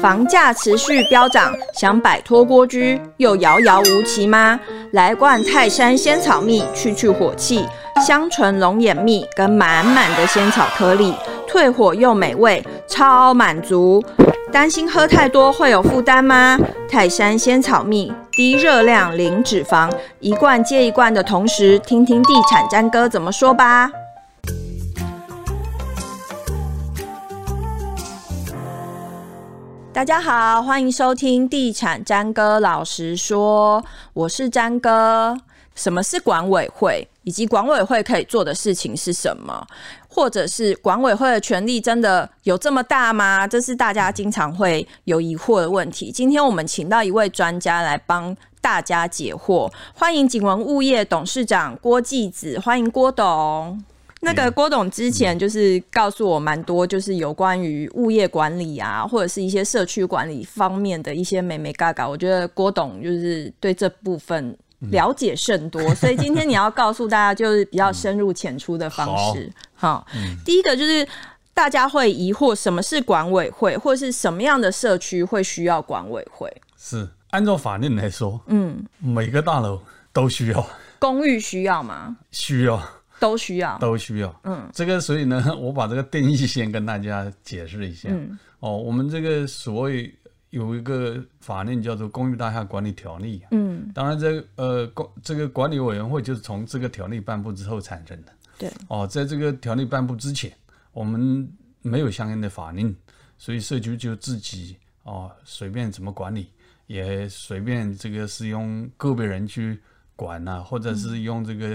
房價持續飆漲，想擺脫蝸居又遙遙無期嗎？來罐泰山仙草蜜去去火氣，香醇龍眼蜜跟滿滿的仙草顆粒，退火又美味，超滿足。擔心喝太多會有負擔嗎？泰山仙草蜜低熱量零脂肪，一罐接一罐的同時，聽聽地產詹哥怎麼說吧。大家好，歡迎收聽《地產詹哥老實說》，我是詹哥。什麼是管委會，以及管委會可以做的事情是什麼，或者是管委會的權力真的有這麼大嗎？這是大家經常會有疑惑的問題。今天我們請到一位專家來幫大家解惑，歡迎景文物業董事長郭紀子，歡迎郭董。那個郭董之前就是告訴我蠻多，就是有關於物業管理啊，或者是一些社區管理方面的一些眉眉角角。我覺得郭董就是對這部分了解甚多，所以今天你要告訴大家就是比較深入淺出的方式。好，第一個就是大家會疑惑什麼是管委會，或者是什麼樣的社區會需要管委會是？是按照法令來說，嗯，每個大樓都需要，公寓需要嗎？需要。都需要，都需要。嗯，這個，所以呢，我把這個定義先跟大家解釋一下。嗯，哦，我們這個所謂有一個法令叫做《公寓大廈管理條例》。嗯，當然，這個，這呃，公這個管理委員會就是從這個條例頒布之後產生的。對。哦，在這個條例頒布之前，我們沒有相應的法令，所以社區就自己哦隨便怎麼管理，也隨便這個是用個別人去。管吶，或者是用這個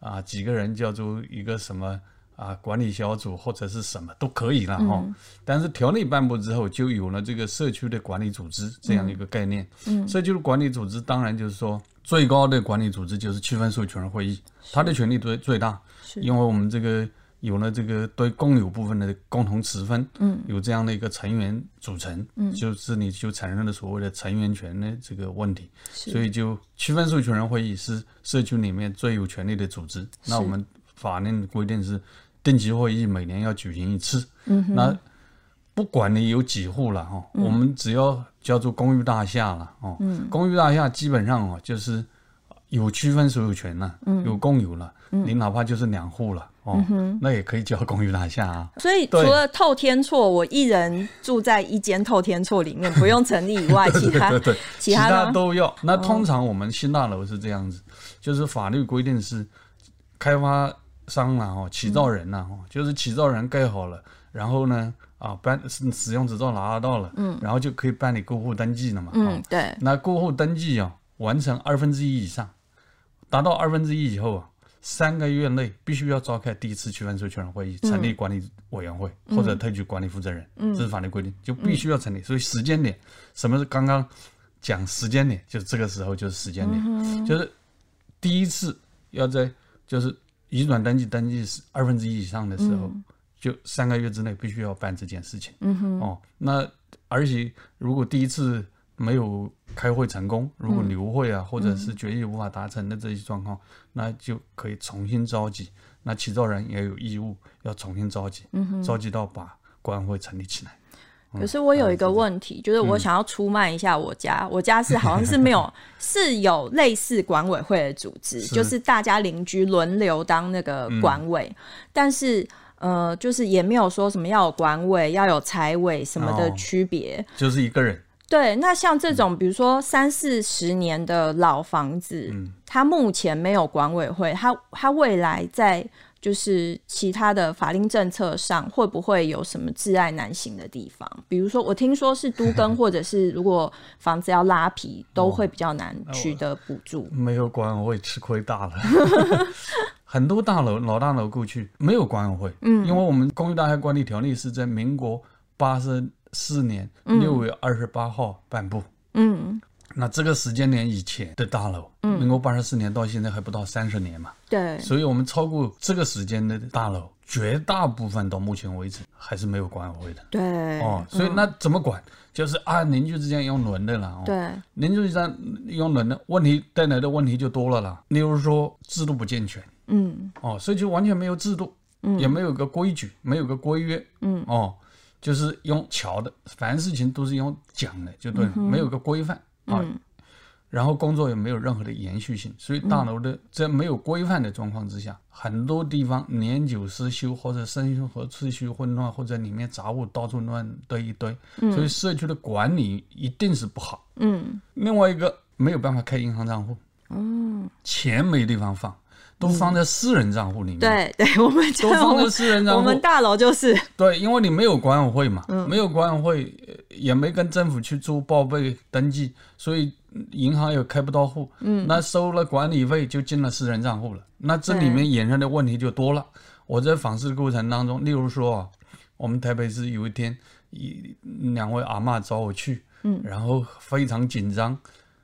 啊幾個人叫做一個什麼啊管理小組或者是什麼都可以了哈、嗯。但是條例頒布之後，就有了這個社區的管理組織這樣一個概念，嗯。嗯，社區的管理組織當然就是說，最高的管理組織就是區分所有權人會議，他的權力最最大，因為我們這個。有了這個對共有部分的共同持分，嗯，有這樣的一個成員組成，嗯，就是你就產生了所謂的成員權的這個問題，是，所以就區分所有權人會議是社區裡面最有權利的組織。那我們法律規定是定期會議每年要舉行一次。嗯，那不管你有幾戶了哦、嗯，我們只要叫做公寓大廈了哦、嗯，公寓大廈基本上哦就是有區分所有權了，嗯、有共有了、嗯，你哪怕就是兩戶了。哦、嗯哼，那也可以叫公寓大廈啊。所以除了透天厝，我一人住在一間透天厝裡面， 不用成立以外， 對對對對對，其他、其他、其他都要。那通常我們新大樓是這樣子，哦、就是法律規定是開發商啊，哦，起造人吶、啊，哦、嗯，就是起造人蓋好了，然後呢，啊，辦使用執照拿得到了，嗯、然後就可以辦理過戶登記了嘛。嗯，對。哦、那過戶登記啊、哦，完成二分之一以上，達到二分之一以後啊。三個月內必須要召開第一次區分所有權人會議，成立管理委員會、嗯、或者特區管理負責人、嗯，這是法律規定，就必須要成立。嗯、所以時間點、嗯，什麼是剛剛講時間點，就是這個時候就是時間點、嗯，就是第一次要在就是移轉登記登記是二分之一以上的時候、嗯，就三個月之內必須要辦這件事情。嗯、哦，那而且如果第一次。沒有開會成功，如果流會，啊，或者是決議無法達成的這些狀況，嗯嗯、那就可以重新召集。那起造人也有義務要重新召集，嗯、哼召集到把管委會成立起來、嗯。可是我有一個問題、嗯，就是我想要出賣一下我家。嗯、我家是好像是沒有， 是有類似管委會的組織，就是大家鄰居輪流當那個管委，嗯、但是呃，就是也沒有說什麼要有管委、要有財委什麼的區別，哦、就是一個人。對，那像這種，比如說三四十年的老房子，嗯、它目前沒有管委會，它它未來在就是其他的法令政策上會不會有什麼窒礙難行的地方？比如說，我聽說是都更或者是如果房子要拉皮，嘿嘿都會比較難取得補助、哦沒。 沒有管委會，吃虧大了。很多大樓老大樓過去沒有管委會，嗯，因為我們公寓大廈管理條例是在民國八十。四年六月二十八號頒布，嗯，那這個時間點以前的大樓，能夠八十四年到現在還不到三十年嘛，對、嗯，所以我們超過這個時間的大樓，絕大部分到目前為止還是沒有管委會的，對、嗯，哦，所以那怎麼管？就是按、啊、鄰居之間用輪的了、嗯哦，對，鄰居之間用輪的，問題帶來的問題就多了了。例如說，制度不健全，嗯，哦，所以就完全沒有制度，嗯，也沒有個規矩，沒有個規約，嗯，哦。就是用瞧的，凡事情都是用講的，就對，嗯、沒有個規範、嗯、啊。然後工作也沒有任何的延續性，所以大樓的、嗯、在沒有規範的狀況之下，很多地方年久失修，或者生活和秩序混亂，或者裡面雜物到處亂堆一堆、嗯。所以社區的管理一定是不好。嗯，另外一個沒有辦法開銀行賬戶，嗯，錢沒地方放。都放在私人賬戶裡面。嗯、對對，我們就放在私人賬戶。我們大樓就是。對，因為你沒有管委會嘛、嗯，沒有管委會，也沒跟政府去做報備登記，所以銀行也開不到戶。嗯。那收了管理費就進了私人賬戶了、嗯，那這裡面衍生的問題就多了。嗯、我在訪視的過程當中，例如說、啊，我們台北市有一天一兩位阿嬤找我去，嗯，然後非常緊張，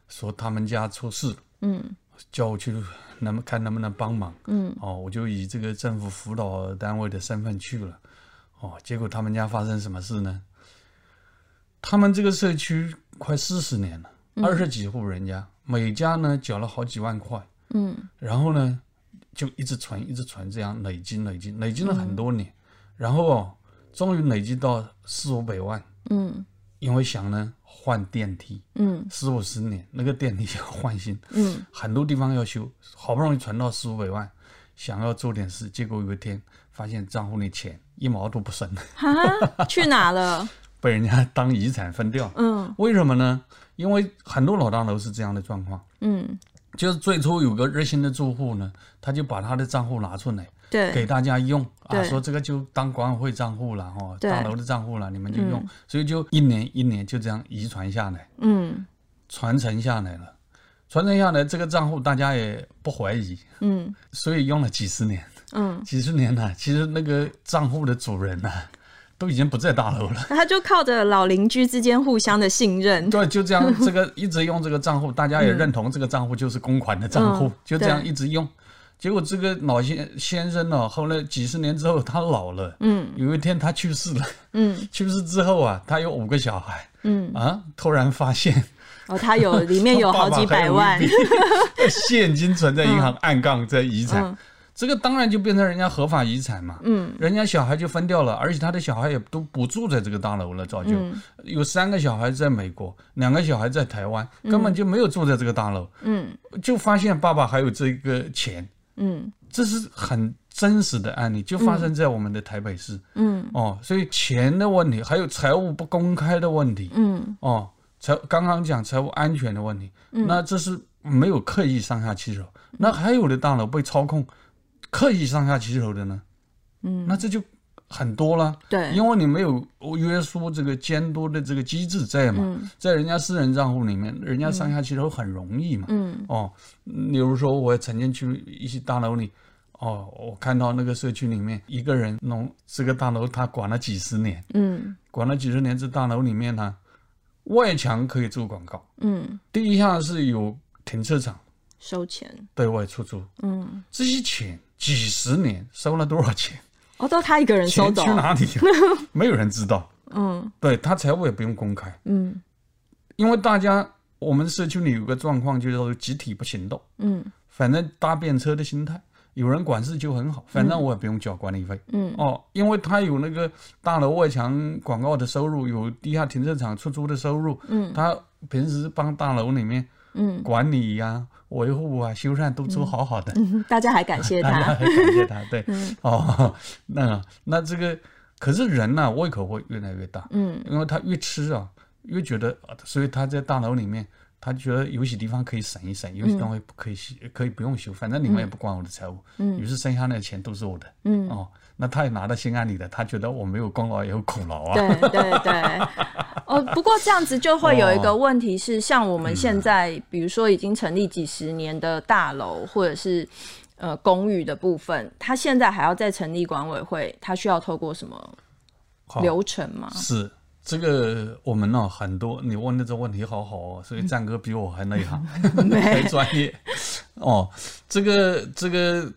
說他們家出事，嗯。叫我去能，能看能不能幫忙？嗯，哦，我就以這個政府輔導單位的身份去了，哦，結果他們家發生什麼事呢？他們這個社區快四十年了，二、嗯、十幾戶人家，每家呢繳了好幾萬塊，嗯，然後呢就一直存，一直存，這樣累積累積，累積，累積了很多年，嗯，然後終於累積到四五百萬，嗯。嗯因為想呢換電梯，嗯，四五十年那個電梯要換新，嗯，很多地方要修，好不容易存到四五百萬，想要做點事，結果有一天發現賬戶的錢一毛都不剩，哈哈哈， 去哪了？被人家當遺產分掉，嗯，為什麼呢？因為很多老大樓是這樣的狀況，嗯，就是最初有個熱心的住戶呢，他就把他的賬戶拿出來。對，給大家用啊，說這個就當管委會賬戶了哈，大樓的賬戶了，你們就用，嗯，所以就一年一年就這樣遺傳下來，嗯，傳承下來了，傳承下來這個賬戶大家也不懷疑，嗯，所以用了幾十年，嗯，幾十年了。其實那個賬戶的主人呢，啊，都已經不在大樓了，他就靠着老鄰居之間互相的信任，對，就這樣 這個一直用這個賬戶，大家也認同這個賬戶就是公款的賬戶，嗯，就這樣一直用。結果這個老先先生呢，後來幾十年之後他老了，嗯，有一天他去世了，嗯，去世之後啊，他有五個小孩，嗯，啊，突然發現，哦，他有裡面有好幾百萬，現金存在銀行暗槓在遺產，這個當然就變成人家合法遺產嘛，嗯，人家小孩就分掉了，而且他的小孩也都不住在這個大樓了，早就有三個小孩在美國，兩個小孩在台灣，根本就沒有住在這個大樓，嗯，就發現爸爸還有這個錢。嗯，這是很真實的案例，就發生在我們的台北市嗯。嗯，哦，所以錢的問題，還有財務不公開的問題。嗯，哦，才剛剛講財務安全的問題、嗯，那這是沒有刻意上下其手。嗯、那還有的大樓被操控，刻意上下其手的呢？嗯，那這就。很多了，對，因為你沒有約束、這個監督的這個機制在嘛，嗯、在人家私人賬戶裡面，人家上下其手都很容易嘛。嗯，嗯哦，比如說我曾經去一些大樓裡，哦，我看到那個社區裡面一個人弄這個大樓，他管了幾十年，嗯，管了幾十年這大樓裡面呢，外牆可以做廣告，嗯，地下室有停車場，收錢對外出租，嗯，這些錢幾十年收了多少錢？哦，都他一個人收到，錢去哪裡？ 沒有人知道。嗯，對，他財務也不用公開。嗯，因為大家我們社區裡有個狀況，就是集體不行動。嗯，反正搭便車的心態，有人管事就很好。反正我也不用交管理費。嗯，哦，因為他有那個大樓外牆廣告的收入，有地下停車場出租的收入。嗯，他平時幫大樓裡面。嗯，管理呀、啊、維護啊、修繕都做好好的，嗯，大家還感謝他，大家還感謝他。對，嗯、哦，那那這個，可是人呢、啊，胃口會越來越大，嗯，因為他越吃啊，越覺得，所以他在大樓裡面，他覺得有些地方可以省一省，有些地方可以，、嗯、可，以可以不用修，反正你們也不管我的財務，嗯，於是剩下的錢都是我的，嗯，哦，那他也拿到心安理得，他覺得我沒有功勞也有苦勞啊，對對對。對 哦，不過這樣子就會有一個問題是，哦、像我們現在、嗯，比如說已經成立幾十年的大樓或者是呃公寓的部分，它現在還要再成立管委會，它需要透過什麼流程嗎？是這個，我們哦很多你問的這個問題好好哦，所以詹哥比我還內行、啊、嗯、 還專業哦。這個這個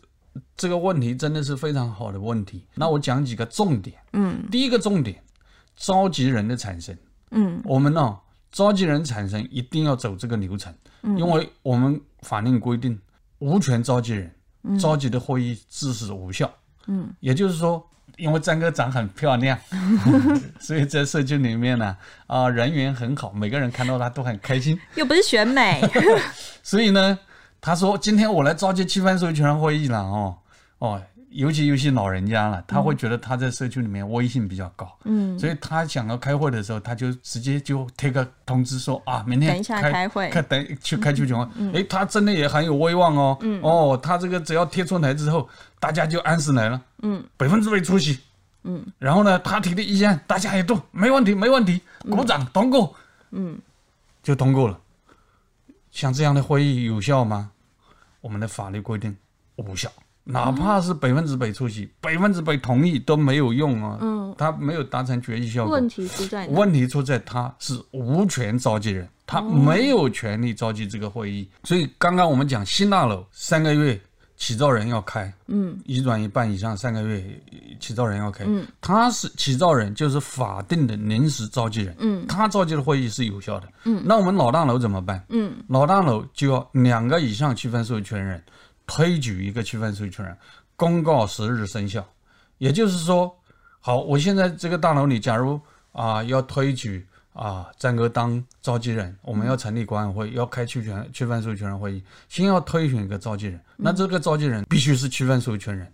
這個問題真的是非常好的問題，那我講幾個重點。嗯，第一個重點，召集人的產生。嗯，我們呢、哦、召集人產生一定要走這個流程，嗯、因為我們法令規定無權召集人召集的會議自始無效，嗯，也就是說，因為詹哥長很漂亮， 所以在社區裡面呢，啊，呃、人緣很好，每個人看到他都很開心，又不是選美， 所以呢，他說今天我來召集區分所有權會議了哦，哦。尤其有些老人家了，他會覺得他在社區裡面威信比較高，嗯，所以他想要開會的時候，他就直接就貼個通知說啊，明天開等一下開等去開區權會啊，哎、嗯嗯，他真的也很有威望哦，嗯，哦，他這個只要貼出來之後，大家就按時來了，嗯，百分之百出席，嗯，然後呢，他提的意見大家也都沒問題，沒問題，鼓掌通過，嗯，就通過了。像這樣的會議有效嗎？我們的法律規定無效。我不哪怕是百分之百出席，哦、百分之百同意都沒有用啊！嗯，他沒有達成決議效果。問題出在問題出在他是無權召集人，他沒有權利召集這個會議，哦。所以剛剛我們講，新大樓三個月起造人要開，嗯，移轉，一半以上三個月起造人要開，嗯，他是起造人就是法定的臨時召集人，嗯，他召集的會議是有效的，嗯。那我們老大樓怎麼辦？嗯，老大樓就要兩個以上區分所有權人。推舉一個區分所有權人，公告十日生效。也就是說，好，我現在這個大樓裡，假如啊、呃、要推舉啊詹哥當召集人，我們要成立管委會，要開區權區分所有權人會議，先要推選一個召集人。那這個召集人必須是區分所有權人，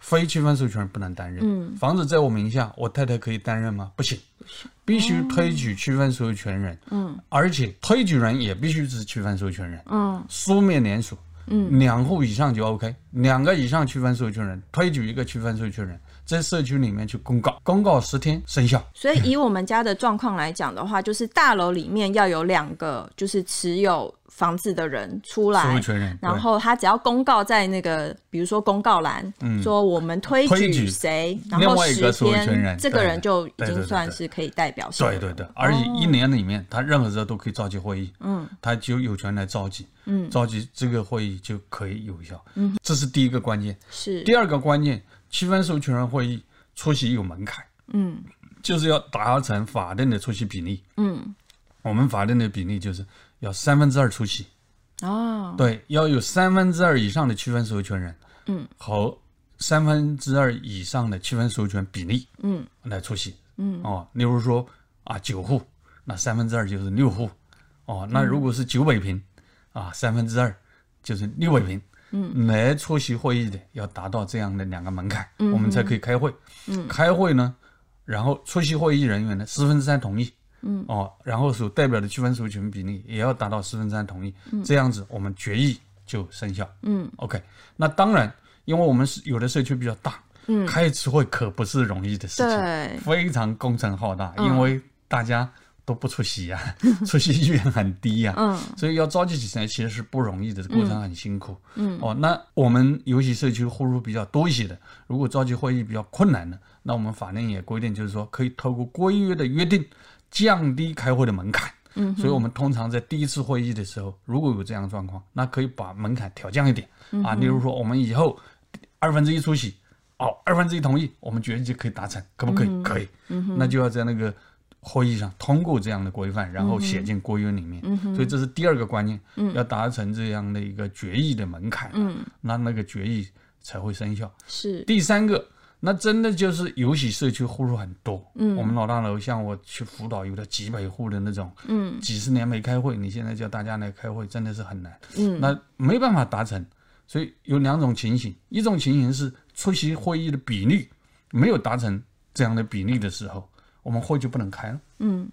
非區分所有權人不能擔任。嗯。房子在我名下，我太太可以擔任嗎？不行，不行，必須推舉區分所有權人。嗯，而且推舉人也必須是區分所有權人。嗯，書面聯署。嗯，兩戶以上就 OK，兩個以上區分所有權人，推舉一個區分所有權人。在社區裡面去公告，公告十天生效。所以以我們家的狀況來講的話，就是大樓裡面要有兩個，就是持有房子的人出來，所有權人，然後他只要公告在那個，比如說公告欄，嗯，說我們推舉誰，舉然後十天個人，這個人就已經算是可以代表。對對，對對對，而且一年裡面他任何時候都可以召集會議，嗯，他就有權來召集，嗯，召集這個會議就可以有效，嗯，這是第一個關鍵，是第二個關鍵。區分所有權人會議出席有門檻，嗯，就是要達成法定的出席比例，嗯，我們法定的比例就是要三分之二出席，哦，對，要有三分之二以上的區分所有權人，嗯，和三分之二以上的區分所有權比例，嗯，來出席嗯，嗯，哦，例如說啊九戶，那三分之二就是六戶，哦，那如果是九百平，嗯、啊三分之二就是六百平。嗯嗯，沒出席會議的要達到這樣的兩個門檻、嗯，我們才可以開會。嗯，開會呢，然後出席會議人員呢，四分之三同意，嗯哦，然後所代表的區分所有權比例也要達到四分之三同意、嗯，這樣子我們決議就生效。嗯，OK，那當然，因為我們是有的社區比較大，嗯，開一次會可不是容易的事情、嗯，非常工程浩大，因為大家、嗯。都不出席啊，出席意願很低啊、嗯，所以要召集起來其實是不容易的，過程很辛苦，嗯嗯、哦，那我們尤其社區戶數比較多一些的，如果召集會議比較困難的，那我們法令也規定，就是說可以透過規約的約定降低開會的門檻、嗯，所以我們通常在第一次會議的時候，如果有這樣的狀況，那可以把門檻調降一點，嗯、啊，例如說我們以後二分之一出席，哦，二分之一同意，我們決議就可以達成，可不可以？嗯、可以、嗯，那就要在那個。會議上通過這樣的規範，然後寫進公約裡面、嗯嗯，所以這是第二個關鍵、嗯，要達成這樣的一個決議的門檻，嗯、那那個決議才會生效。第三個，那真的就是有些社區戶數很多，嗯、我們老大樓像我去輔導，有的幾百戶的那種、嗯，幾十年沒開會，你現在叫大家來開會，真的是很難、嗯。那沒辦法達成，所以有兩種情形：一種情形是出席會議的比例沒有達成這樣的比例的時候。我們會就不能開了，嗯，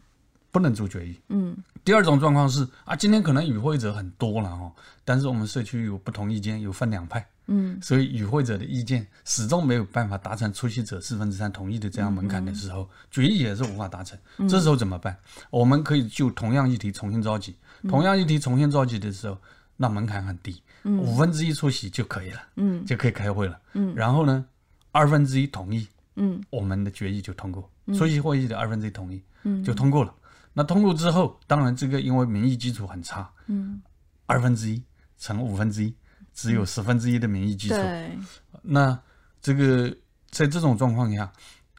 不能做決議。嗯，第二種狀況是啊，今天可能與會者很多了哦，但是我們社區有不同意見，有分兩派。嗯，所以與會者的意見始終沒有辦法達成出席者四分之三同意的這樣門檻的時候，嗯，決議也是無法達成，嗯。這時候怎麼辦？我們可以就同樣議題重新召集，同樣議題重新召集的時候，嗯，那門檻很低，五分之一出席就可以了。嗯，就可以開會了。嗯，然後呢，二分之一同意，嗯，我們的決議就通過。出席會議的二分之一同意，嗯，就通過了。那通過之後，當然這個因為民意基礎很差，嗯，二分之一乘五分之一，只有十分之一的民意基礎，嗯。那這個在這種狀況下，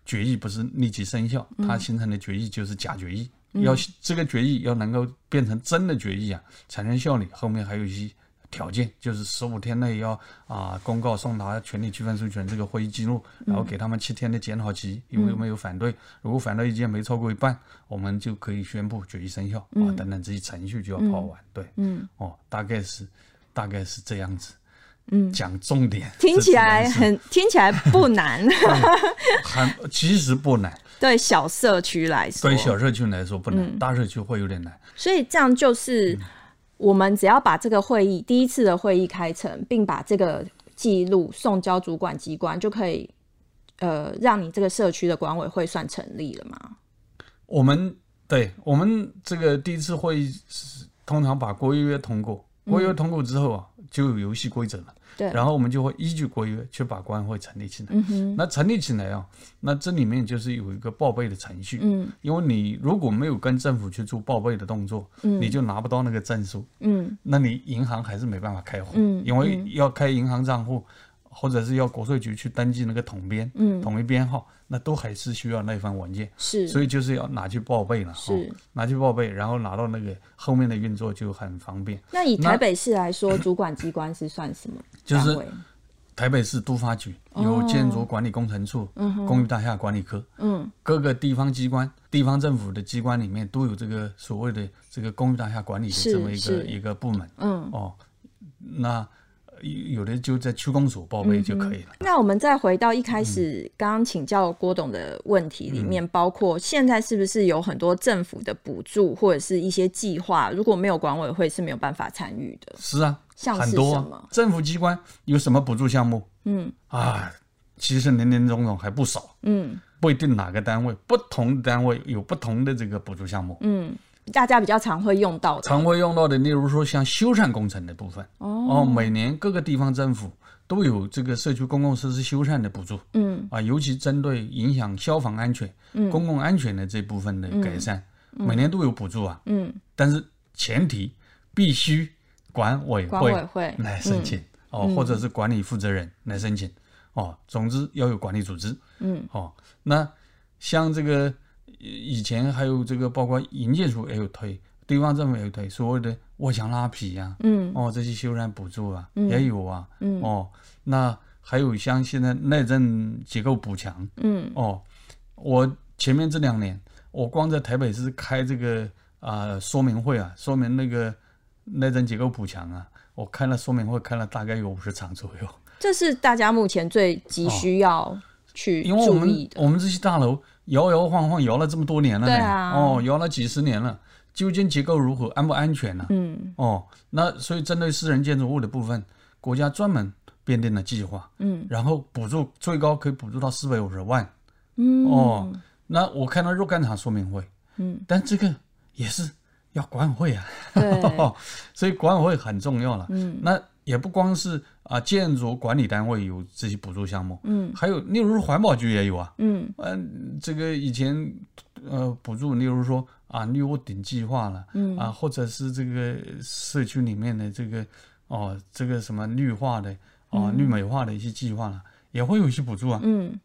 決議不是立即生效，它形成的決議就是假決議。嗯、要這個決議要能夠變成真的決議啊，產生效力，後面還有一些。條件就是十五天內要啊、呃、公告送達權利區分授權這個會議記錄，然後給他們七天的檢討期，嗯，因為有沒有反對，如果反對意見沒超過一半，嗯、我們就可以宣布決議生效、嗯、啊等等這些程序就要跑完、嗯，對，嗯，哦，大概是大概是這樣子，嗯，講重點，聽起來很，很聽起來不難， 嗯、很其實不難， 對小社區來說，對小社區來，來說不難，嗯、大社區會有點難，所以這樣就是。嗯我們只要把這個會議第一次的會議開成，並把這個記錄送交主管機關，就可以，呃，讓你這個社區的管委會算成立了嗎？我們對我們這個第一次會議是，通常把規約通過，規約通過之後啊。嗯就有遊戲規則了，對，然後我們就會依據規約去把管委會成立起來。嗯哼，那成立起來啊，那這裡面就是有一個報備的程序。嗯，因為你如果沒有跟政府去做報備的動作，嗯，你就拿不到那個證書。嗯，那你銀行還是沒辦法開戶。嗯，因為要開銀行賬戶。嗯或者是要國稅局去登記那個統編，嗯，統一編號，那都還是需要那一份文件，是，所以就是要拿去報備了，是、哦，拿去報備，然後拿到那個後面的運作就很方便。那以台北市來說，嗯、主管機關是算什麼？就是台北市都發局有建築管理工程處，嗯、哦，公寓大廈管理科，嗯，各個地方機關、地方政府的機關裡面都有這個所謂的這個公寓大廈管理的這麼一個一個部門，嗯，哦，那。有的就在區公所報備就可以了，嗯嗯。那我們再回到一開始、嗯、剛剛請教郭董的問題裡面、嗯，包括現在是不是有很多政府的補助或者是一些計劃？如果沒有管委會是沒有辦法參與的。是啊，像很多政府機關有什麼補助項目？嗯啊，其實林林總總還不少。嗯，不一定哪個單位，不同的單位有不同的這個補助項目。嗯。大家比較常會用到的，常會用到的，例如說像修繕工程的部分哦，哦，每年各個地方政府都有這個社區公共設施修繕的補助，嗯，啊，尤其針對影響消防安全、嗯、公共安全的這部分的改善，嗯嗯、每年都有補助啊，嗯，但是前提必須管委會來申請管委會、嗯、哦，或者是管理負責人來申請、嗯、哦，總之要有管理組織，嗯，哦，那像這個。以前還有這個，包括營建署也有推，地方政府也有推，所謂的外牆拉皮啊，嗯，哦，這些修繕補助啊、嗯、也有啊，嗯，哦，那還有像現在耐震結構補強，嗯，哦，我前面這兩年，我光在台北市開這個啊、呃、說明會啊，說明那個耐震結構補強啊，我開了說明會開了大概有五十場左右，這是大家目前最急需要去、哦、因為我們，我們這些大樓。搖搖晃晃，搖了這麼多年了呢、啊，哦，搖了幾十年了，究竟結構如何，安不安全呢、啊？嗯，哦，那所以針對私人建築物的部分，國家專門編定了計劃，嗯，然後補助最高可以補助到四百五十萬，嗯，哦，那我看到若干場說明會，嗯，但這個也是要管委會啊， 所以管委會很重要了，嗯，那。也不光是啊，建築管理單位有這些補助項目，嗯、還有例如環保局也有啊，嗯，呃、這個以前呃補助，例如說啊綠屋頂計劃了，嗯，啊或者是這個社區裡面的這個哦、呃、這個什麼綠化的啊、呃，綠美化的一些計劃了，嗯、也會有一些補助啊，嗯，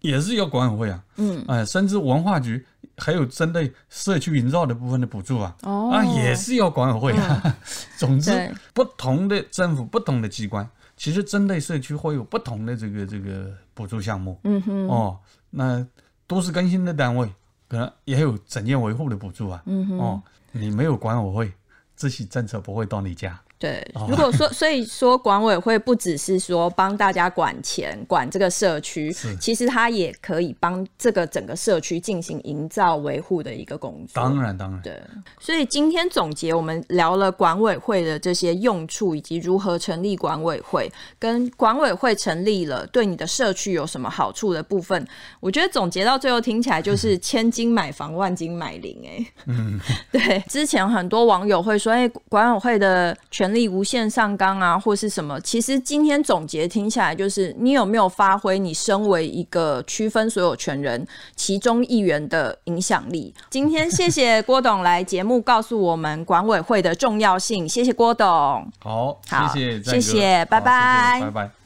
也是要管委會啊，嗯，哎、呃、甚至文化局。還有針對社區營造的部分的補助啊，哦、啊也是要管委會啊。嗯、總之，不同的政府、不同的機關，其實針對社區會有不同的這個這個補助項目。嗯哼，哦，那都市更新的單位，可能也有整建維護的補助啊。嗯哼，哦，你沒有管委會，這些政策不會到你家。對，如果說，所以說管委會不只是說幫大家管錢、管這個社區，其實他也可以幫這個整個社區進行營造、維護的一個工作。當然，當然。對，所以今天總結我們聊了管委會的這些用處，以及如何成立管委會，跟管委會成立了對你的社區有什麼好處的部分，我覺得總結到最後聽起來就是千金買房， 萬金買鄰、欸。哎、嗯，對。之前很多網友會說，哎，管委會的權。力無限上綱啊，或是什麼？其實今天總結聽起來，就是你有沒有發揮你身為一個區分所有權人其中一員的影響力？今天謝謝郭董來節目告訴我們管委會的重要性， 謝謝郭董。好，謝謝，謝謝，拜拜謝謝，拜拜，拜拜。